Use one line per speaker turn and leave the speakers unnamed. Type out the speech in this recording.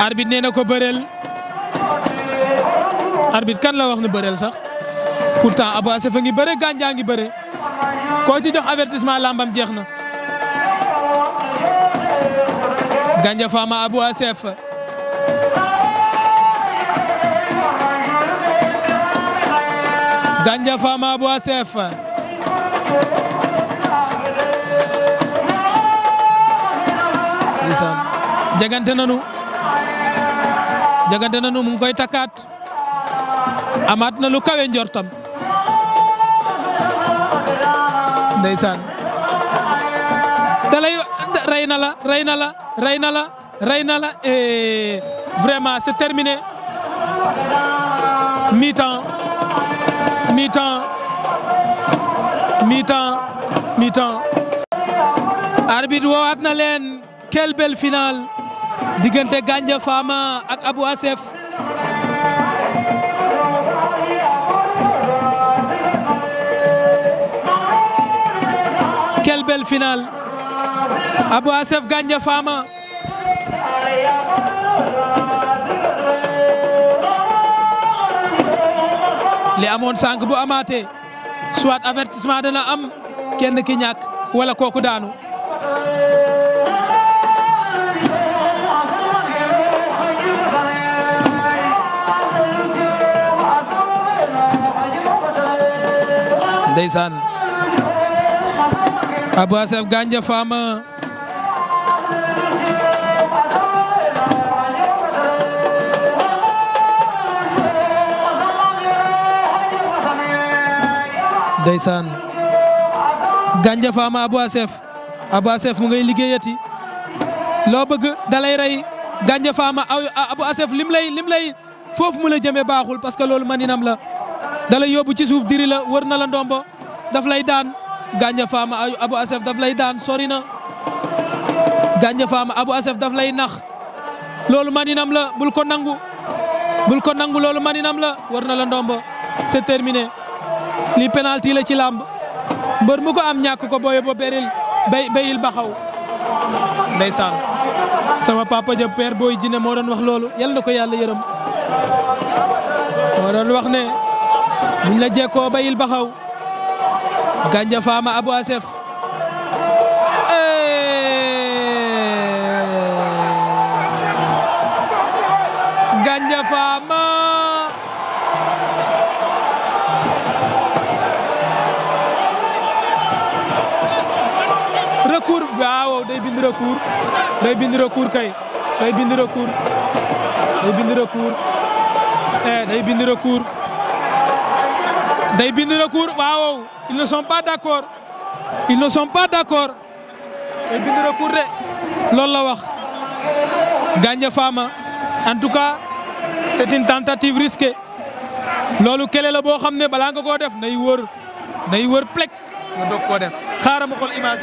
arbitre nee na ko bëreel arbitre kan la wax ne bëreel sax pourtant Abou Assef a ngi bëre Gandia ngi bëre koo ci jox avertissement lambam jeex na Gandia Fama Abou Assef Gandia Fama Abou Assef ndeysaan jagante nanu jagante na nu mu ngi koy takkaat amaat na lu kawe njortam ndeysaan dalay rey na la rey na la rey na la rey na la et vraiment c'est terminé mi-temps mi-temps mi-temps leen quelle belle diggante Gandia Fama ak Abou Assef quelle belle finale Abou Assef Gandia li amoon sànq bu amaatee soit avertissement dana am kenn ki ñàkk wala kooku daanu ndeysaan Abou Assef Gandia Fama ndeysaan Gandia Fama mu ngay liggéeyati loo bëgg dalay rey Gandia Fama Abou Assef lim lay lim lay foofu mu la jëmee baaxul parce que loolu maninam la dalay yóbbu ci suuf diri la wër na la ndombo daf lay daan gànja faama abu asef daf lay daan sori na gànja faama abu asef daf lay nax loolu maninam la bul ko nangu bul ko nangu loolu maninam la wër na la ndombo c'est terminé li penalty la ci làmb mbër mu ko am ñàkk ko booye bo beril bay bayil ba xaw ndeysaan sama papa ja père booy jine moo doon wax loolu yal na ko yàlla yërëm moo doon wax ne buñ la jekkoo bayil baxaw Gandia Fama Abou Assef eh. Gandia Fama recours waaw day bind recours day bind recours kay day bind recours day bind recours eh day bind recours day bind recours waaw ils ne sont pas d'accord ils ne sont pas d'accord day bind recours de loolu la wax Gandia Fama en tout cas c'est une tentative risquée loolu kele la boo xam ne balaa nga koo def nay wër nay wër plek nga doog koo def image